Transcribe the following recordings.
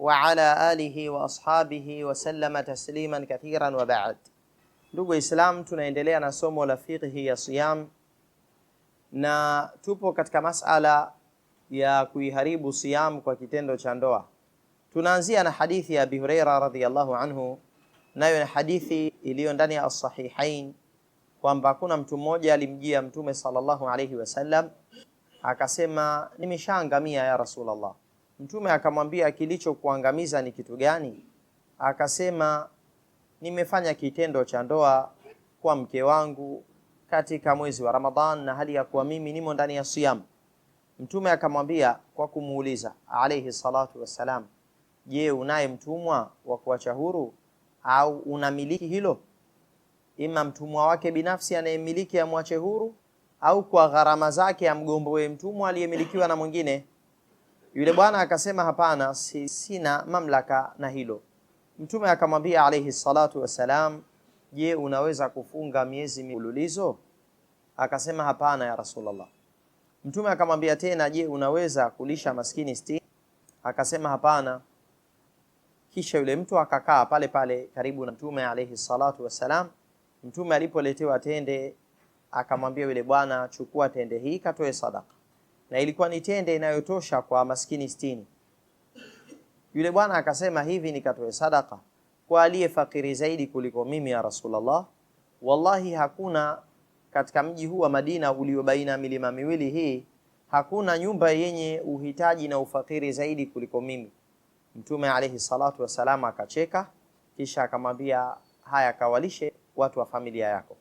وعلى alihi wa ashabihi wa sallama tasliman kathiran wa ba'd. Ndugu waislam tunaendelea na somo la fiqhi ya siyam na tupo katika masala ya kuiharibu siyam kwa kitendo cha ndoa. Tunaanzia na hadithi ya Abi Huraira radhiyallahu anhu, nayo ni hadithi iliyo ndani ya As-Sahihain kwamba kuna mtu mmoja alimjia Mtume sallallahu alayhi wasallam akasema, nimeshaangamia ya Rasulullah Mtume akamwambia kilichokuangamiza ni kitu gani? Akasema nimefanya kitendo cha ndoa kwa mke wangu katika mwezi wa Ramadhan na hali ya kuwa mimi nimo ndani ya siam. Mtume akamwambia kwa kumuuliza alayhi salatu wassalam, je, unaye mtumwa wa kuacha huru au unamiliki hilo? Ima mtumwa wake binafsi anayemiliki amwache huru, au kwa gharama zake amgomboe mtumwa aliyemilikiwa na mwingine. Yule bwana akasema hapana, si, sina mamlaka na hilo. Mtume akamwambia alayhi salatu wasalam, je, unaweza kufunga miezi mfululizo? Akasema hapana ya Rasulullah. Mtume akamwambia tena, je, unaweza kulisha maskini sitini? Akasema hapana. Kisha yule mtu akakaa pale pale karibu na Mtume alayhi salatu wasalam. Mtume alipoletewa tende akamwambia yule bwana, chukua tende hii katoe sadaka na ilikuwa ni tende inayotosha kwa maskini sitini. Yule bwana akasema, hivi nikatoe sadaka kwa aliye fakiri zaidi kuliko mimi, ya Rasulullah, wallahi hakuna katika mji huu wa Madina ulio baina milima miwili hii hakuna nyumba yenye uhitaji na ufakiri zaidi kuliko mimi. Mtume alayhi salatu wassalam akacheka, kisha akamwambia, haya kawalishe watu wa familia yako.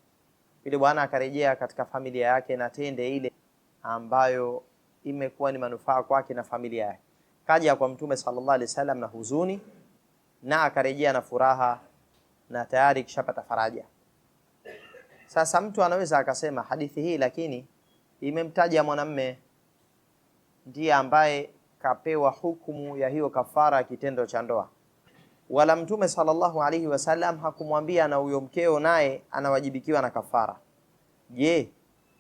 Yule bwana akarejea katika familia yake na tende ile ambayo imekuwa ni manufaa kwake na familia yake. Kaja kwa Mtume sallallahu alaihi wasallam na huzuni na akarejea na furaha na tayari kishapata faraja. Sasa mtu anaweza akasema hadithi hii lakini imemtaja mwanamme ndiye ambaye kapewa hukumu ya hiyo kafara ya kitendo cha ndoa, wala Mtume sallallahu alaihi wasallam hakumwambia na huyo mkeo naye anawajibikiwa na kafara. Je,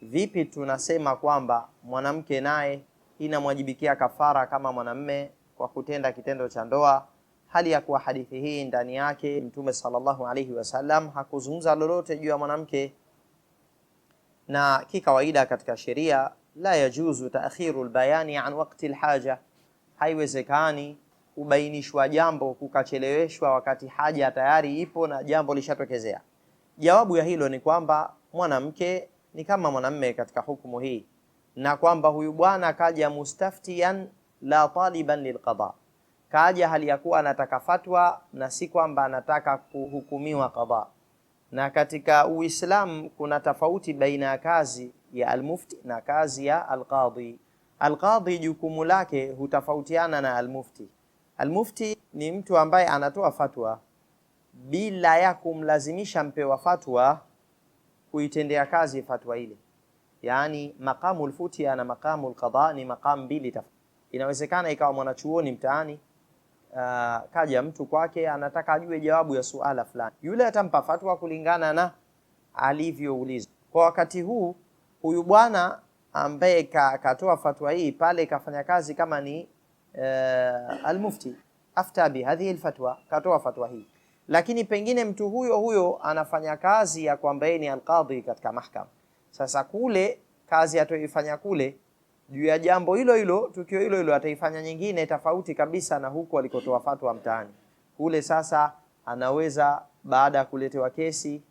vipi tunasema kwamba mwanamke naye inamwajibikia kafara kama mwanamme kwa kutenda kitendo cha ndoa, hali ya kuwa hadithi hii ndani yake Mtume sallallahu alaihi wasallam hakuzungumza lolote juu ya mwanamke. Na kikawaida katika sheria, la yajuzu takhiru lbayani an wakti lhaja, haiwezekani kubainishwa jambo kukacheleweshwa wakati haja tayari ipo na jambo lishatokezea. Jawabu ya hilo ni kwamba mwanamke ni kama mwanamme katika hukumu hii, na kwamba huyu bwana kaja mustaftian la taliban lilqada, kaja hali ya kuwa anataka fatwa na si kwamba anataka kuhukumiwa qada. Na katika Uislamu kuna tofauti baina ya kazi ya almufti na kazi ya alqadhi. Alqadhi jukumu lake hutafautiana na almufti. Almufti ni mtu ambaye anatoa fatwa bila ya kumlazimisha mpewa fatwa kuitendea kazi fatwa ile. Yani maqamu lfutia na maqamu lqadha ni maqamu mbili tofauti. Inawezekana ikawa mwanachuoni mtaani Uh, kaja mtu kwake anataka ajue jawabu ya suala fulani, yule atampa fatwa kulingana na alivyouliza kwa wakati huu. Huyu bwana ambaye katoa fatwa hii pale kafanya kazi kama ni uh, almufti afta bi hadhihi alfatwa, katoa fatwa hii lakini pengine mtu huyo huyo anafanya kazi ya kwamba yeye ni alqadhi katika mahkama Sasa kule kazi atoifanya kule juu ya jambo hilo hilo, tukio hilo hilo, ataifanya nyingine tofauti kabisa na huko alikotoa fatwa mtaani kule. Sasa anaweza baada ya kuletewa kesi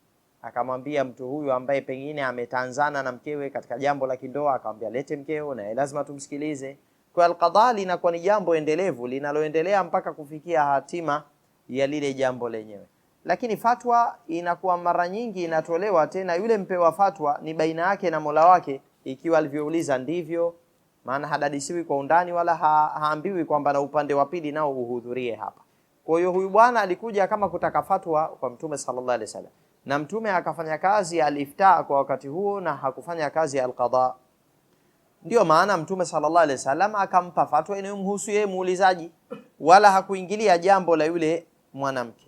akamwambia mtu huyu ambaye pengine ametanzana na mkewe katika jambo la kindoa, akamwambia lete mkeo, na lazima tumsikilize. Kwa alqadha linakuwa ni jambo endelevu linaloendelea mpaka kufikia hatima ya lile jambo lenyewe. Lakini fatwa inakuwa mara nyingi inatolewa, tena yule mpewa fatwa ni baina yake na Mola wake, ikiwa alivyouliza ndivyo, maana hadadisiwi kwa undani wala ha, haambiwi kwamba na upande wa pili nao uhudhurie hapa. Kwa hiyo huyu bwana alikuja kama kutaka fatwa kwa Mtume sallallahu alaihi wasallam, na Mtume akafanya kazi ya aliftaa kwa wakati huo na hakufanya kazi ya alqadha. Ndiyo maana Mtume sallallahu alaihi wasallam akampa fatwa inayomhusu yeye muulizaji, wala hakuingilia jambo la yule mwanamke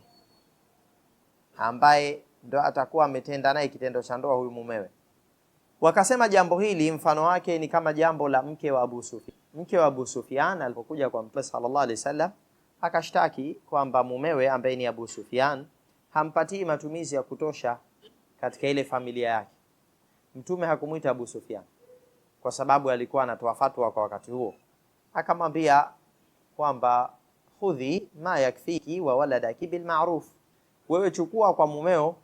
ambaye ndo atakuwa ametenda naye kitendo cha ndoa huyu mumewe. Wakasema jambo hili mfano wake ni kama jambo la mke wa Abu Sufyan. Mke wa Abu Sufyan alipokuja kwa Mtume sallallahu alaihi wasallam akashtaki kwamba mumewe ambaye ni Abu Sufyan hampatii matumizi ya kutosha katika ile familia yake. Mtume hakumwita Abu Sufyan kwa sababu alikuwa anatoa fatwa kwa wakati huo, akamwambia kwamba khudhi ma yakfiki wa waladaki bil ma'ruf, wewe chukua kwa mumeo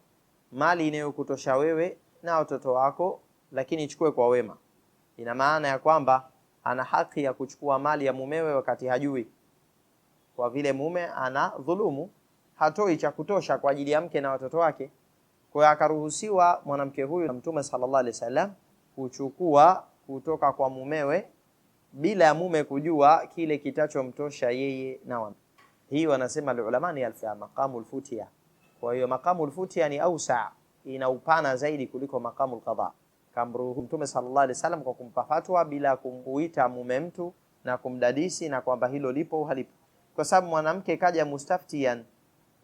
mali inayokutosha wewe na watoto wako, lakini ichukue kwa wema. Ina maana ya kwamba ana haki ya kuchukua mali ya mumewe wakati hajui, kwa vile mume ana dhulumu, hatoi cha kutosha kwa ajili ya mke na watoto wake. Kwa hiyo akaruhusiwa mwanamke huyu na Mtume sallallahu alaihi wasallam kuchukua kutoka kwa mumewe bila ya mume kujua kile kitachomtosha yeye na wame. Hii wanasema ulama ni alfa maqamul futia. Kwa hiyo maqamul futia ni ausa, ina upana zaidi kuliko maqamul qadha. Kamruhu Mtume sallallahu alaihi wasallam kwa kumpa fatwa bila kumuita mume mtu na kumdadisi na kwamba hilo lipo halipo, kwa sababu mwanamke kaja mustaftian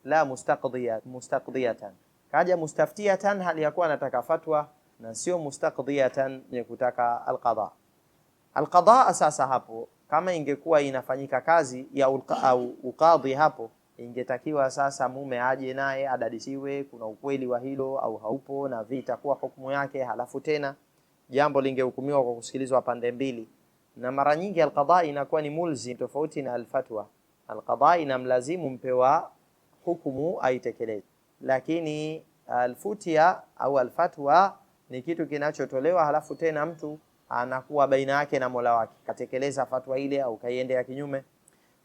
la mustaqdiya, mustaqdiyatan kaja mustaftiyatan hali yakuwa anataka fatwa na sio mustaqdiyatan yenye kutaka alqadha. Alqadaa sasa hapo kama ingekuwa inafanyika kazi ya ukadhi hapo, ingetakiwa sasa mume aje naye adadisiwe kuna ukweli wa hilo au haupo, na vitakuwa hukumu yake. Halafu tena jambo lingehukumiwa kwa kusikilizwa pande mbili, na mara nyingi alqadaa inakuwa ni mulzim, tofauti na alfatwa. Alqadaa inamlazimu mpewa hukumu aitekeleze, lakini alfutia au alfatwa ni kitu kinachotolewa halafu tena mtu anakuwa baina yake na Mola wake, katekeleza fatwa ile au kaiendea kinyume.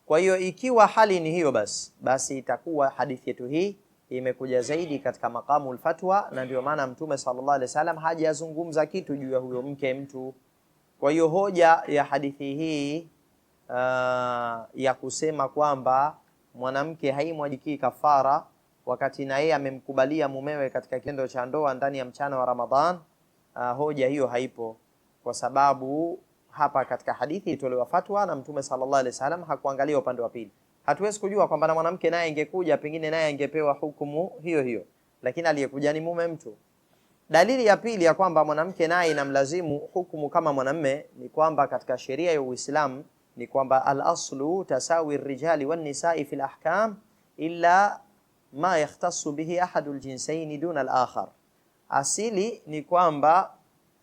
Kwa hiyo ikiwa hali ni hiyo, basi basi itakuwa hadithi yetu hii imekuja zaidi katika makamu fatwa, na ndio maana Mtume sallallahu alaihi wasallam hajazungumza kitu juu ya huyo mke mtu. Kwa hiyo hoja ya hadithi hii uh, ya kusema kwamba mwanamke haimwajikii kafara wakati na yeye amemkubalia mumewe katika kitendo cha ndoa ndani ya mchana wa Ramadhan, uh, hoja hiyo haipo kwa sababu hapa katika hadithi itolewa fatwa na Mtume sallallahu alaihi wasallam, hakuangalia upande wa pili. Hatuwezi kujua kwamba na mwanamke naye ingekuja pengine naye angepewa hukumu hiyo hiyo, lakini aliyekuja ni mume mtu. Dalili ya pili ya kwamba mwanamke naye inamlazimu hukumu kama mwanamme ni kwamba katika sheria ya Uislamu ni kwamba al-aslu tasawi rijali wan nisai fil ahkam illa ma yahtassu bihi ahadul jinsaini duna al-akhar. Asili ni kwamba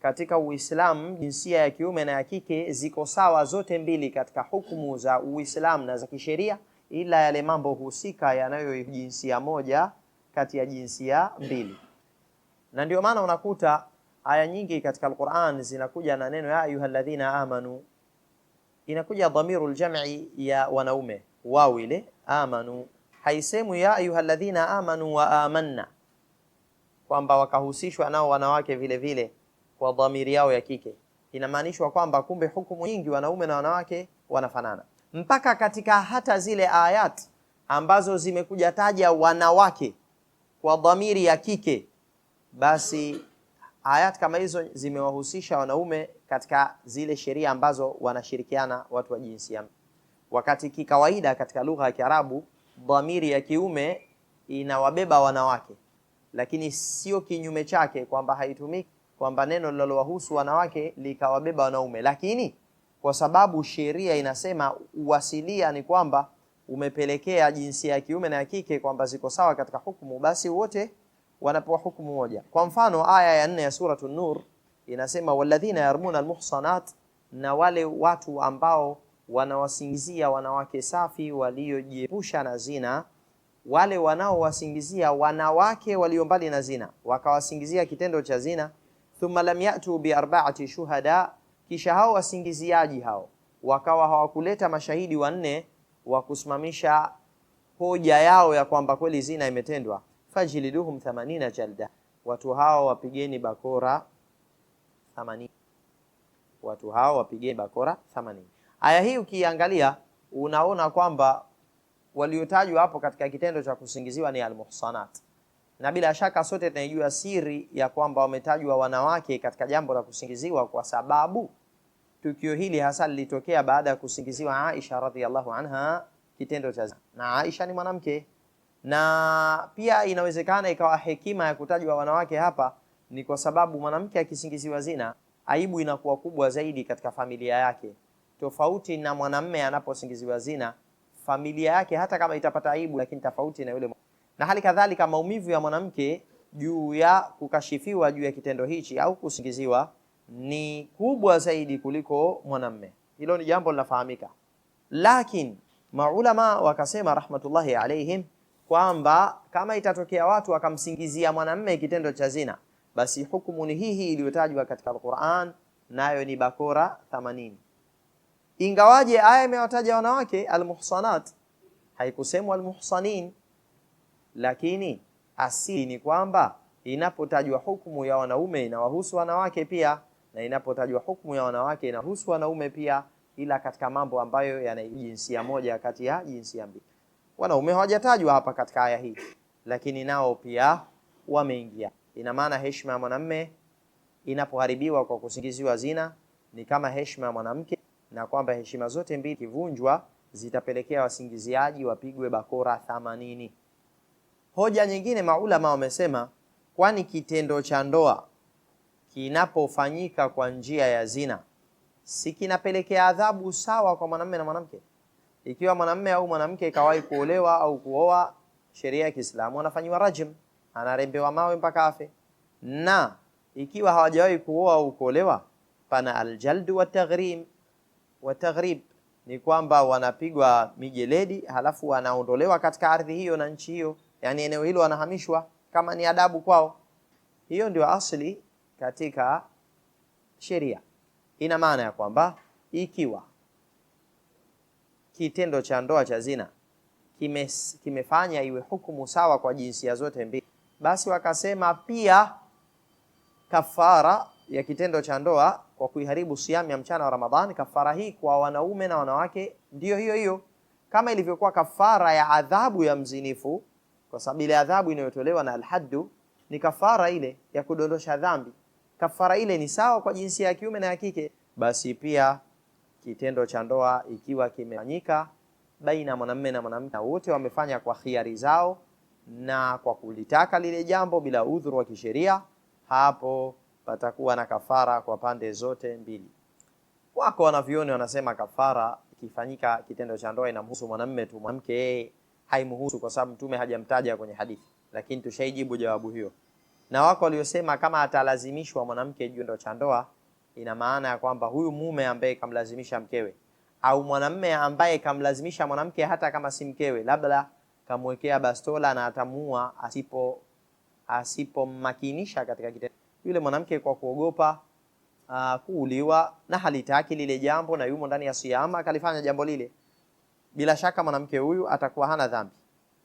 katika Uislamu jinsia ya kiume na ya kike ziko sawa zote mbili katika hukumu za Uislamu na za kisheria, ila yale mambo husika yanayo jinsia moja kati ya jinsia mbili. Na ndio maana unakuta aya nyingi katika Al-Qur'an zinakuja na neno ya ayyuhalladhina amanu, inakuja dhamiru aljam'i ya wanaume wao, ile amanu haisemu ya ayyuhalladhina amanu wa amanna, kwamba wakahusishwa nao wanawake vile vile kwa dhamiri yao ya kike, inamaanishwa kwamba kumbe hukumu nyingi wanaume na wanawake wanafanana, mpaka katika hata zile ayat ambazo zimekuja taja wanawake kwa dhamiri ya kike, basi ayat kama hizo zimewahusisha wanaume katika zile sheria ambazo wanashirikiana watu wa jinsia, wakati kikawaida katika lugha ya Kiarabu dhamiri ya kiume inawabeba wanawake, lakini sio kinyume chake kwamba haitumiki kwamba neno linalowahusu wanawake likawabeba wanaume, lakini kwa sababu sheria inasema uasilia ni kwamba umepelekea jinsia ya kiume na ya kike kwamba ziko sawa katika hukumu, basi wote wanapewa hukumu moja. Kwa mfano aya ya nne ya suratu Nur inasema walladhina yarmuna almuhsanat, na wale watu ambao wanawasingizia wanawake safi waliojiepusha na zina, wale wanaowasingizia wanawake walio mbali na zina, wakawasingizia kitendo cha zina thumma lam yatu bi arbaati shuhada, kisha hao wasingiziaji hao wakawa hawakuleta mashahidi wanne wa kusimamisha hoja yao ya kwamba kweli zina imetendwa. Fajliduhum 80 jalda, watu hao wapigeni bakora 80. Watu hao wapigeni bakora 80. Aya hii ukiangalia unaona kwamba waliotajwa hapo katika kitendo cha kusingiziwa ni almuhsanat na bila shaka sote tunaijua siri ya kwamba wametajwa wanawake katika jambo la kusingiziwa, kwa sababu tukio hili hasa lilitokea baada ya kusingiziwa Aisha radhiallahu anha kitendo cha zina, na Aisha ni mwanamke. Na pia inawezekana ikawa hekima ya kutajwa wanawake hapa ni kwa sababu mwanamke akisingiziwa zina, aibu inakuwa kubwa zaidi katika familia yake, tofauti na mwanamme anaposingiziwa zina, familia yake hata kama itapata aibu, lakini tofauti na yule na hali kadhalika maumivu ya mwanamke juu ya kukashifiwa juu ya kitendo hichi au kusingiziwa ni kubwa zaidi kuliko mwanamme. Hilo ni jambo linafahamika, lakini maulama wakasema rahmatullahi alaihim kwamba kama itatokea watu wakamsingizia mwanamme kitendo cha zina, basi hukumu ni hii hii iliyotajwa katika Al-Qur'an, nayo ni bakora 80. Ingawaje aya imewataja wanawake almuhsanat, haikusemwa almuhsanin lakini asili ni kwamba inapotajwa hukumu ya wanaume inawahusu wanawake pia, na inapotajwa hukumu ya wanawake inahusu wanaume pia, ila katika mambo ambayo yana jinsia moja kati ya jinsia mbili. Wanaume hawajatajwa hapa katika aya hii, lakini nao pia wameingia. Ina maana heshima ya mwanamme inapoharibiwa kwa kusingiziwa zina ni kama heshima ya mwanamke, na kwamba heshima zote mbili kivunjwa zitapelekea wasingiziaji wapigwe bakora 80. Hoja nyingine maulama wamesema, kwani kitendo cha ndoa kinapofanyika kwa njia ya zina si kinapelekea adhabu sawa kwa mwanamume na mwanamke? Ikiwa mwanamume au mwanamke ikawahi kuolewa au kuoa, sheria ya Kiislamu anafanyiwa rajm, anarembewa mawe mpaka afe. Na ikiwa hawajawahi kuoa au kuolewa, pana aljaldu wataghrim wataghrib ni kwamba wanapigwa mijeledi halafu wanaondolewa katika ardhi hiyo na nchi hiyo yani eneo hilo wanahamishwa kama ni adabu kwao. Hiyo ndio asli katika sheria. Ina maana ya kwamba ikiwa kitendo cha ndoa cha zina kime, kimefanya iwe hukumu sawa kwa jinsia zote mbili, basi wakasema pia kafara ya kitendo cha ndoa kwa kuiharibu siamu ya mchana wa Ramadhani. Kafara hii kwa wanaume na wanawake ndiyo hiyo hiyo, kama ilivyokuwa kafara ya adhabu ya mzinifu kwa sababu ile adhabu inayotolewa na alhaddu ni kafara ile ya kudondosha dhambi. Kafara ile ni sawa kwa jinsia ya kiume na ya kike. Basi pia kitendo cha ndoa ikiwa kimefanyika baina ya mwanamume na mwanamke wote wamefanya kwa khiari zao na kwa kulitaka lile jambo bila udhuru wa kisheria, hapo patakuwa na kafara kwa pande zote mbili. Wako wanavyoni wanasema kafara ikifanyika kitendo cha ndoa inamhusu mwanamume tu, mwanamke yeye haimuhusu kwa sababu mtume hajamtaja kwenye hadithi, lakini tushaijibu jawabu hiyo. Na wako waliosema kama atalazimishwa mwanamke juu ndo cha ndoa, ina maana ya kwamba huyu mume ambaye kamlazimisha mkewe au mwanamme ambaye kamlazimisha mwanamke, hata kama si mkewe, labda kamwekea bastola na atamua asipo asipomakinisha katika kitendo, yule mwanamke kwa kuogopa uh, kuuliwa na halitaki lile jambo na yumo ndani ya siama, akalifanya jambo lile bila shaka mwanamke huyu atakuwa hana dhambi,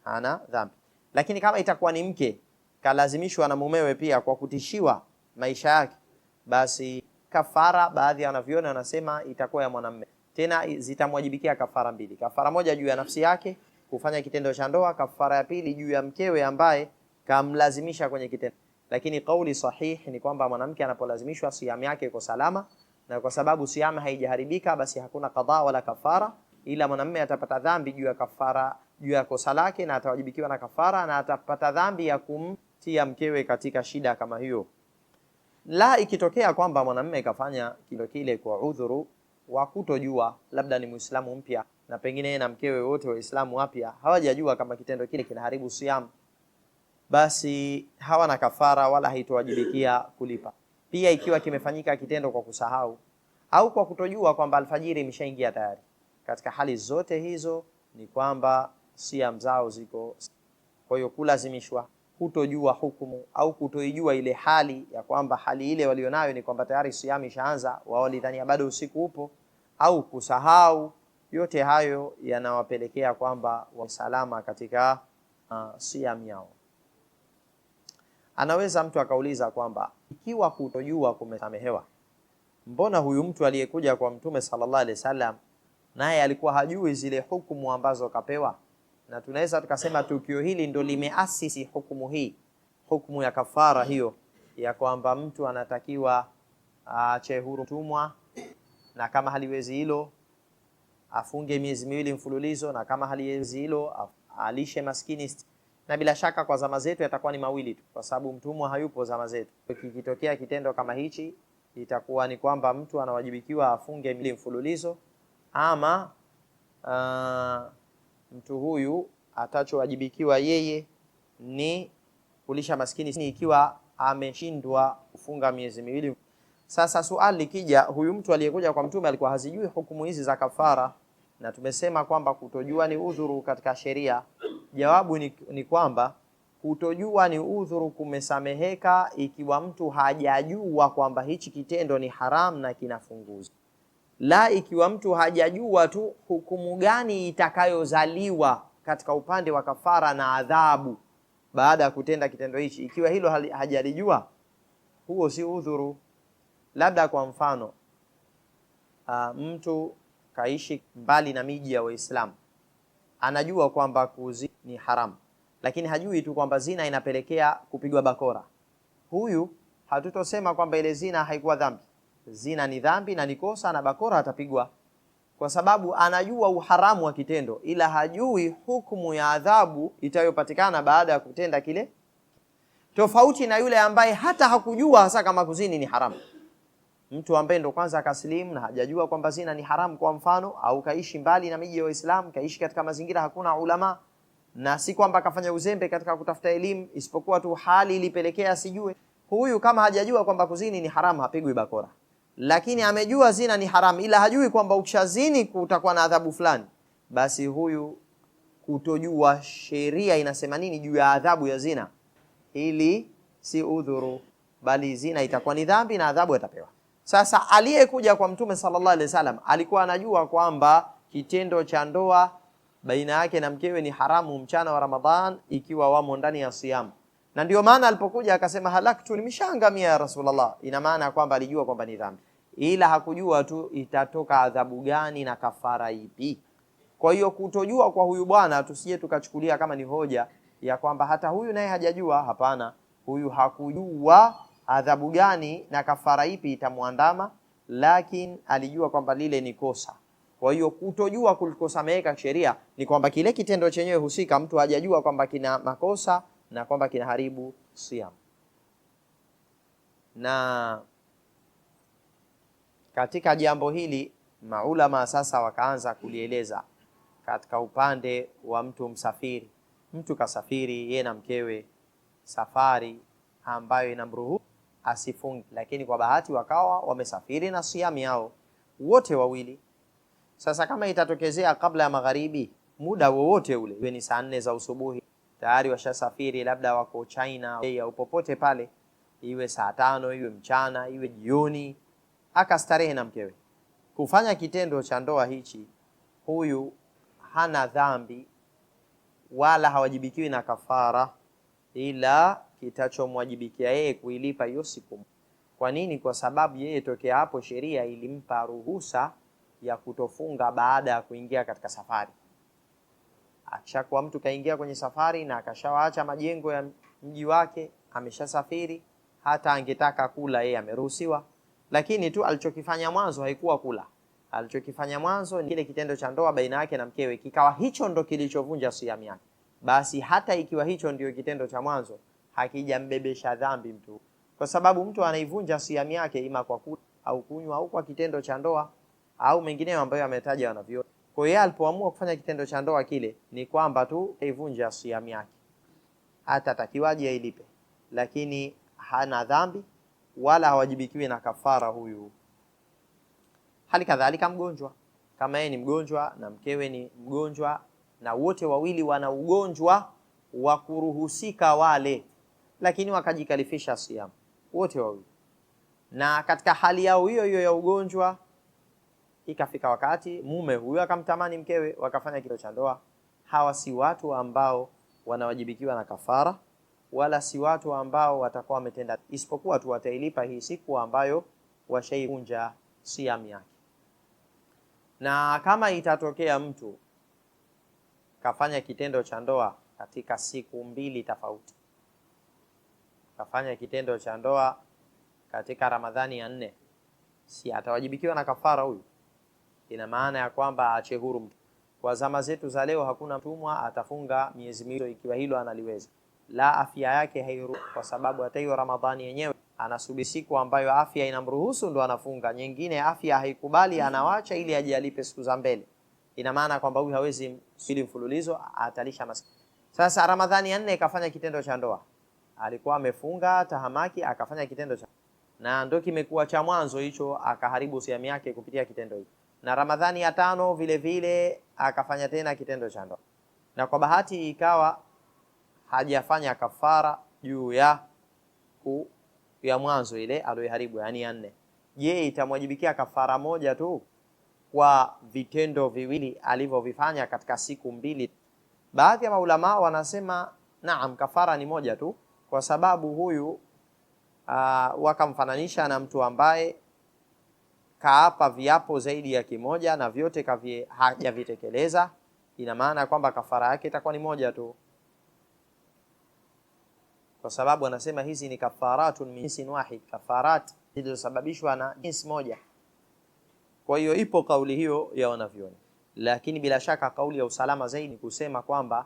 hana dhambi. Lakini kama itakuwa ni mke kalazimishwa na mumewe pia kwa kutishiwa maisha yake, basi kafara, baadhi ya wanavyuoni wanasema itakuwa ya mwanamume, tena zitamwajibikia kafara mbili. Kafara moja juu ya nafsi yake kufanya kitendo cha ndoa, kafara ya pili juu ya mkewe ambaye kamlazimisha kwenye kitendo. Lakini kauli sahihi ni kwamba mwanamke anapolazimishwa, siamu yake iko salama, na kwa sababu siamu haijaharibika, basi hakuna kadhaa wala kafara ila mwanamume atapata dhambi juu ya kafara, juu ya kosa lake, na atawajibikiwa na kafara, na atapata dhambi ya kumtia mkewe katika shida kama hiyo. La, ikitokea kwamba mwanamume kafanya kilo kile kwa udhuru wa kutojua, labda ni Muislamu mpya na pengine na mkewe wote Waislamu wapya hawajajua kama kitendo kile kinaharibu siam, basi hawana kafara wala haitowajibikia kulipa. Pia ikiwa kimefanyika kitendo kwa kusahau au kwa kutojua kwamba alfajiri imeshaingia tayari katika hali zote hizo ni kwamba siam zao ziko. Kwa hiyo kulazimishwa, kutojua hukumu au kutoijua ile hali ya kwamba hali ile walionayo ni kwamba tayari siam ishaanza, wao walidhania bado usiku upo, au kusahau, yote hayo yanawapelekea kwamba wasalama katika uh, siamu yao. Anaweza mtu akauliza kwamba ikiwa kutojua kumesamehewa, mbona huyu mtu aliyekuja kwa Mtume sallallahu alaihi wasallam naye alikuwa hajui zile hukumu ambazo kapewa, na tunaweza tukasema tukio hili ndo limeasisi hukumu hii, hukumu ya kafara hiyo ya kwamba mtu anatakiwa aache huru mtumwa, na kama haliwezi hilo afunge miezi miwili mfululizo, na kama haliwezi hilo alishe maskini. Na bila shaka kwa zama zetu yatakuwa ni mawili tu, kwa sababu mtumwa hayupo zama zetu. Kikitokea kitendo kama hichi, itakuwa ni kwamba mtu anawajibikiwa afunge miezi mfululizo ama uh, mtu huyu atachowajibikiwa yeye ni kulisha maskini ikiwa ameshindwa kufunga miezi miwili. Sasa suali likija, huyu mtu aliyekuja kwa mtume alikuwa hazijui hukumu hizi za kafara, na tumesema kwamba kutojua ni udhuru katika sheria. Jawabu ni, ni kwamba kutojua ni udhuru kumesameheka ikiwa mtu hajajua kwamba hichi kitendo ni haramu na kinafunguza la ikiwa mtu hajajua tu hukumu gani itakayozaliwa katika upande wa kafara na adhabu baada ya kutenda kitendo hichi, ikiwa hilo hajalijua, huo si udhuru. Labda kwa mfano a, mtu kaishi mbali na miji ya Waislamu, anajua kwamba kuzi ni haramu, lakini hajui tu kwamba zina inapelekea kupigwa bakora. Huyu hatutosema kwamba ile zina haikuwa dhambi zina ni dhambi na ni kosa, na bakora atapigwa, kwa sababu anajua uharamu wa kitendo, ila hajui hukumu ya adhabu itayopatikana baada ya kutenda kile, tofauti na yule ambaye hata hakujua hasa kama kuzini ni haramu. Mtu ambaye ndo kwanza akaslimu na hajajua kwamba zina ni haramu, kwa mfano, au kaishi mbali na miji ya Waislamu, kaishi katika mazingira hakuna ulama, na si kwamba akafanya uzembe katika kutafuta elimu, isipokuwa tu hali ilipelekea asijue. Huyu kama hajajua kwamba kuzini ni haramu, hapigwi bakora lakini amejua zina ni haramu, ila hajui kwamba ukishazini kutakuwa na adhabu fulani, basi huyu kutojua sheria inasema nini juu ya adhabu ya zina, ili si udhuru, bali zina itakuwa ni dhambi na adhabu atapewa. Sasa aliyekuja kwa Mtume sallallahu alaihi wasallam alikuwa anajua kwamba kitendo cha ndoa baina yake na mkewe ni haramu mchana wa Ramadhan, ikiwa wamo ndani ya siamu, na ndio maana alipokuja akasema halaktu, nimeshaangamia ya Rasulullah. Ina maana kwamba alijua kwamba ni dhambi ila hakujua tu itatoka adhabu gani na kafara ipi. Kwa hiyo kutojua kwa huyu bwana tusije tukachukulia kama ni hoja ya kwamba hata huyu naye hajajua. Hapana, huyu hakujua adhabu gani na kafara ipi itamwandama, lakini alijua kwamba lile ni kosa. Kwa hiyo kutojua kulikosameheka sheria ni kwamba kile kitendo chenyewe husika mtu hajajua kwamba kina makosa na kwamba kinaharibu siam na katika jambo hili maulama sasa wakaanza kulieleza katika upande wa mtu msafiri. Mtu kasafiri yeye na mkewe safari ambayo inamruhusu asifungi, lakini kwa bahati wakawa wamesafiri na siamu yao wote wawili. Sasa kama itatokezea kabla ya magharibi, muda wowote ule, iwe ni saa nne za usubuhi, tayari washasafiri, labda wako China au popote pale, iwe saa tano, iwe mchana, iwe jioni akastarehe na mkewe. Kufanya kitendo cha ndoa hichi, huyu hana dhambi wala hawajibikiwi na kafara, ila kitachomwajibikia yeye kuilipa hiyo siku. Kwa nini? Kwa sababu yeye tokea hapo sheria ilimpa ruhusa ya kutofunga baada ya kuingia katika safari. Akishakuwa mtu kaingia kwenye safari na akashawaacha majengo ya mji wake, ameshasafiri, hata angetaka kula yeye ameruhusiwa lakini tu alichokifanya mwanzo haikuwa kula. Alichokifanya mwanzo ni kile kitendo cha ndoa baina yake na mkewe, kikawa hicho ndo kilichovunja siamu yake. Basi hata ikiwa hicho ndio kitendo cha mwanzo, hakijambebesha dhambi mtu, kwa sababu mtu anaivunja siamu yake ima kwa kula au kunywa au kwa kitendo cha ndoa au mengineyo ambayo ametaja wanavyo. Kwa hiyo alipoamua kufanya kitendo cha ndoa kile, ni kwamba tu aivunja siamu yake, hata takiwaje ailipe, lakini hana dhambi wala hawajibikiwi na kafara huyu. Hali kadhalika mgonjwa, kama yeye ni mgonjwa na mkewe ni mgonjwa, na wote wawili wana ugonjwa wa kuruhusika wale, lakini wakajikalifisha siamu wote wawili, na katika hali yao hiyo hiyo ya ugonjwa ikafika wakati mume huyo akamtamani mkewe, wakafanya kilo cha ndoa. Hawa si watu ambao wanawajibikiwa na kafara wala si watu ambao watakuwa wametenda, isipokuwa tu watailipa hii siku ambayo washaivunja siamu yake. Na kama itatokea mtu kafanya kitendo cha ndoa katika siku mbili tofauti, kafanya kitendo cha ndoa katika Ramadhani ya nne, si atawajibikiwa na kafara huyu? Ina maana ya kwamba ache huru mtu. Kwa zama zetu za leo hakuna mtumwa atafunga miezi miwili, ikiwa hilo analiweza la afya yake hairuhusu, kwa sababu hata hiyo Ramadhani yenyewe anasubi siku ambayo afya inamruhusu ndo anafunga, nyingine afya haikubali anawacha ili alipe siku za mbele. Ina maana kwamba huyu hawezi sili mfululizo atalisha maskini. Sasa Ramadhani ya nne ikafanya kitendo cha ndoa, alikuwa amefunga tahamaki, akafanya kitendo cha na ndo kimekuwa cha mwanzo hicho, akaharibu siamu yake kupitia kitendo hicho. Na Ramadhani ya tano vile vile akafanya tena kitendo cha ndoa, na kwa bahati ikawa hajafanya kafara juu ya ku, ya mwanzo ile aliyoharibu, yani ya nne. Je, itamwajibikia kafara moja tu kwa vitendo viwili alivyovifanya katika siku mbili? Baadhi ya maulama wanasema naam, kafara ni moja tu, kwa sababu huyu uh, wakamfananisha na mtu ambaye kaapa viapo zaidi ya kimoja na vyote haja hajavitekeleza, Ina maana kwamba kafara yake itakuwa ni moja tu kwa sababu anasema hizi ni kafaratun min jinsin wahid, kafarat zilizosababishwa na jinsi moja. Kwa hiyo ipo kauli hiyo ya wanavyoni, lakini bila shaka kauli ya usalama zaidi kusema kwamba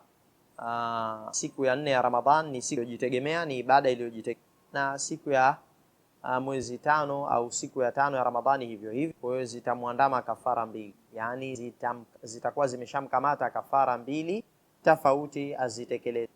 aa, ah, siku ya nne ya Ramadhan ni siku iliyojitegemea, ni ibada iliyojitegemea na siku ya aa, ah, mwezi tano au siku ya tano ya Ramadhani hivyo hivyo. Kwa hiyo zitamwandama kafara mbili, yani zitakuwa zimeshamkamata kafara mbili tofauti azitekeleze.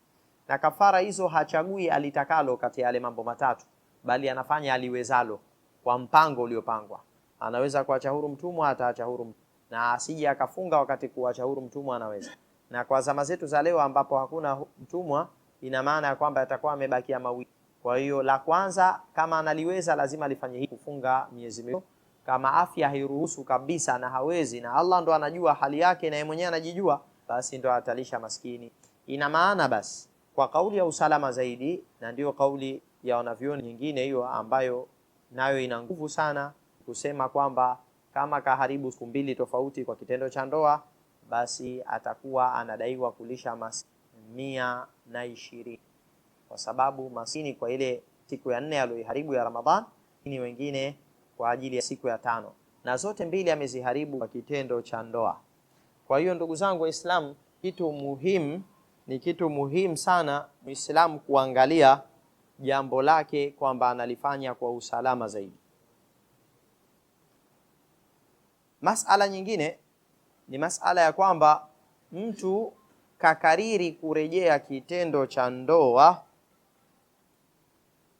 Na kafara hizo hachagui alitakalo kati ya yale mambo matatu, bali anafanya aliwezalo kwa mpango uliopangwa. Anaweza kuacha huru mtumwa, ataacha huru na asije akafunga wakati kuacha huru mtumwa anaweza. Na kwa zama zetu za leo ambapo hakuna mtumwa, ina maana ya kwamba atakuwa amebakia mawili. Kwa hiyo la kwanza, kama analiweza lazima alifanye hii, kufunga miezi miwili kama afya hairuhusu kabisa na hawezi, na Allah ndo anajua hali yake na yeye mwenyewe anajijua, basi ndo atalisha maskini. Ina maana basi kwa kauli ya usalama zaidi, na ndiyo kauli ya wanavyuoni nyingine hiyo ambayo nayo ina nguvu sana kusema kwamba kama kaharibu siku mbili tofauti kwa kitendo cha ndoa, basi atakuwa anadaiwa kulisha maskini mia na ishirini kwa sababu maskini kwa ile siku ya nne aliyoiharibu ya Ramadhan, ni wengine kwa ajili ya siku ya tano, na zote mbili ameziharibu kwa kitendo cha ndoa. Kwa hiyo ndugu zangu Waislamu, kitu muhimu ni kitu muhimu sana Muislamu kuangalia jambo lake kwamba analifanya kwa usalama zaidi. Masala nyingine ni masala ya kwamba mtu kakariri kurejea kitendo cha ndoa,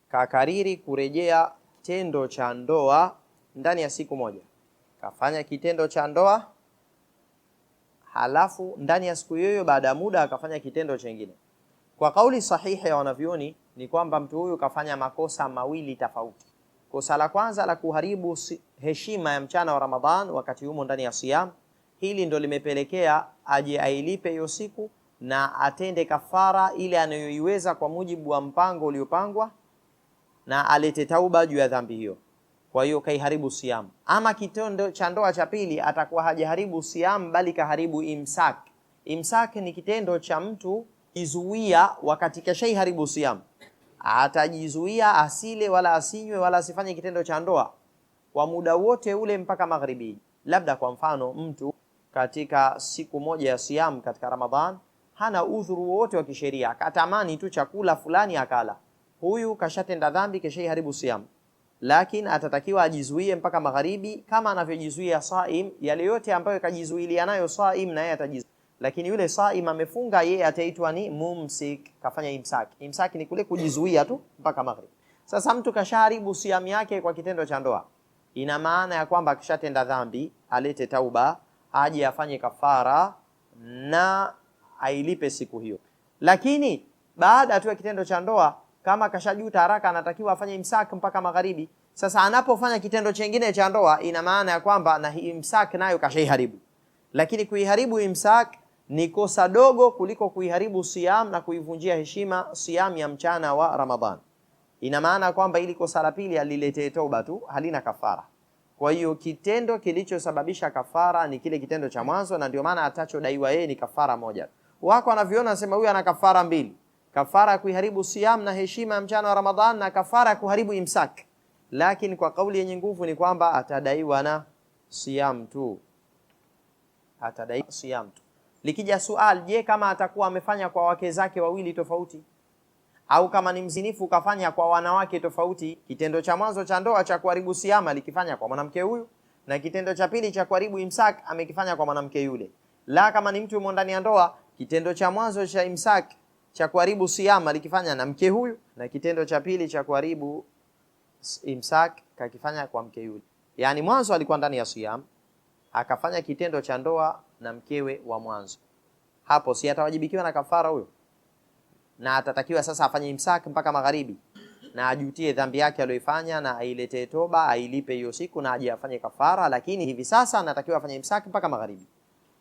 kakariri kurejea kitendo cha ndoa ndani ya siku moja, kafanya kitendo cha ndoa halafu ndani ya siku hiyo baada ya muda akafanya kitendo chengine. Kwa kauli sahihi ya wanavyoni ni kwamba mtu huyu kafanya makosa mawili tofauti. Kosa la kwanza la kuharibu heshima ya mchana wa Ramadhan wakati humo ndani ya siyam, hili ndo limepelekea aje ailipe hiyo siku na atende kafara ile anayoiweza kwa mujibu wa mpango uliopangwa na alete tauba juu ya dhambi hiyo. Kwa hiyo kaiharibu siam. Ama kitendo cha ndoa cha pili atakuwa hajaharibu siam bali kaharibu imsak. Imsak ni kitendo cha mtu jizuia wakati kashaiharibu siam, atajizuia asile wala asinywe wala asifanye kitendo cha ndoa kwa muda wote ule mpaka magharibi. Labda kwa mfano mtu katika siku moja ya siam katika Ramadhan hana udhuru wowote wa kisheria, akatamani tu chakula fulani akala, huyu kashatenda dhambi, keshaiharibu siam lakini atatakiwa ajizuie mpaka magharibi, kama anavyojizuia saim. Yale yote ambayo kajizuilia nayo saim, na yeye atajizuia. Lakini yule saim amefunga, yeye ataitwa ni mumsik, kafanya imsak. Imsak ni kule kujizuia tu mpaka magharibi. Sasa mtu kashaharibu siam yake kwa kitendo cha ndoa, ina maana ya kwamba akishatenda dhambi alete tauba, aje afanye kafara na ailipe siku hiyo, lakini baada tu ya kitendo cha ndoa kama kashajuta haraka, anatakiwa afanye imsak mpaka magharibi. Sasa anapofanya kitendo chengine cha ndoa, ina maana ya kwamba na imsak nayo kashaiharibu. Lakini kuiharibu imsak ni kosa dogo kuliko kuiharibu siyam na kuivunjia heshima siyam ya mchana wa Ramadhan. Ina maana kwamba ili kosa la pili aliletee toba tu, halina kafara. Kwa hiyo kitendo kilichosababisha kafara ni kile kitendo cha mwanzo, na ndio maana atachodaiwa yeye ni kafara moja. Wako anavyoona, anasema huyu ana kafara mbili kafara ya kuiharibu siyam na heshima ya mchana wa Ramadhan na kafara ya kuharibu imsak. Lakini kwa kauli yenye nguvu ni kwamba atadaiwa na siyam tu, atadaiwa siyam tu. Likija sual, je, kama atakuwa amefanya kwa wake zake wawili tofauti, au kama ni mzinifu kafanya kwa wanawake tofauti? Kitendo cha mwanzo cha ndoa cha kuharibu siyam alikifanya kwa mwanamke huyu, na kitendo cha pili cha kuharibu imsak amekifanya kwa mwanamke yule. La, kama ni mtu yumo ndani ya ndoa, kitendo cha mwanzo cha imsak cha kuharibu siama alikifanya na mke huyu, na kitendo cha pili cha kuharibu imsak kakifanya kwa mke yule. Yani mwanzo alikuwa ndani ya siam, akafanya kitendo cha ndoa na mkewe wa mwanzo, hapo si atawajibikiwa na kafara huyo, na atatakiwa sasa afanye imsak mpaka magharibi, na ajutie dhambi yake aliyoifanya, na ailetee toba, ailipe hiyo siku, na aje afanye kafara. Lakini hivi sasa anatakiwa afanye imsak mpaka magharibi.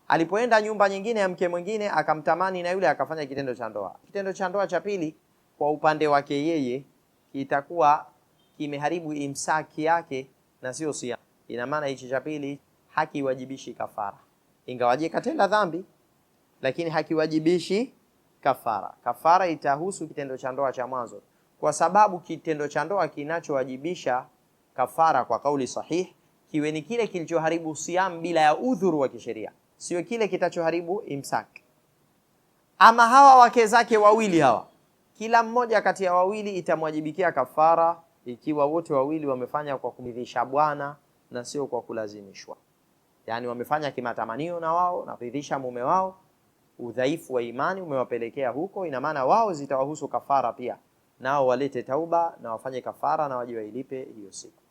Alipoenda nyumba nyingine ya mke mwingine akamtamani na yule akafanya kitendo cha ndoa. Kitendo cha ndoa cha pili kwa upande wake yeye itakuwa kimeharibu imsaki yake na sio sia. Ina maana hichi cha pili hakiwajibishi kafara, ingawaje katenda dhambi, lakini hakiwajibishi kafara. Kafara itahusu kitendo cha ndoa cha mwanzo, kwa sababu kitendo cha ndoa kinachowajibisha kafara kwa kauli sahihi kiwe ni kile kilichoharibu siam bila ya udhuru wa kisheria sio kile kitachoharibu imsak. Ama hawa wake zake wawili hawa, kila mmoja kati ya wawili itamwajibikia kafara ikiwa wote wawili wamefanya kwa kumridhisha bwana na sio kwa kulazimishwa, yaani wamefanya kimatamanio na wao na kuridhisha mume wao. Udhaifu wa imani umewapelekea huko, ina maana wao zitawahusu kafara pia, nao walete tauba na wafanye kafara na waje wailipe hiyo siku.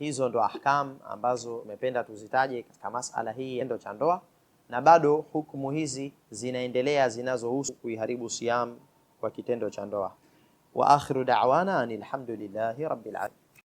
Hizo ndo ahkam ambazo umependa tuzitaje katika masala hii endo cha ndoa, na bado hukumu hizi zinaendelea zinazohusu kuiharibu siam kwa kitendo cha ndoa. Wa akhiru da'wana anilhamdulillahi rabbil alamin.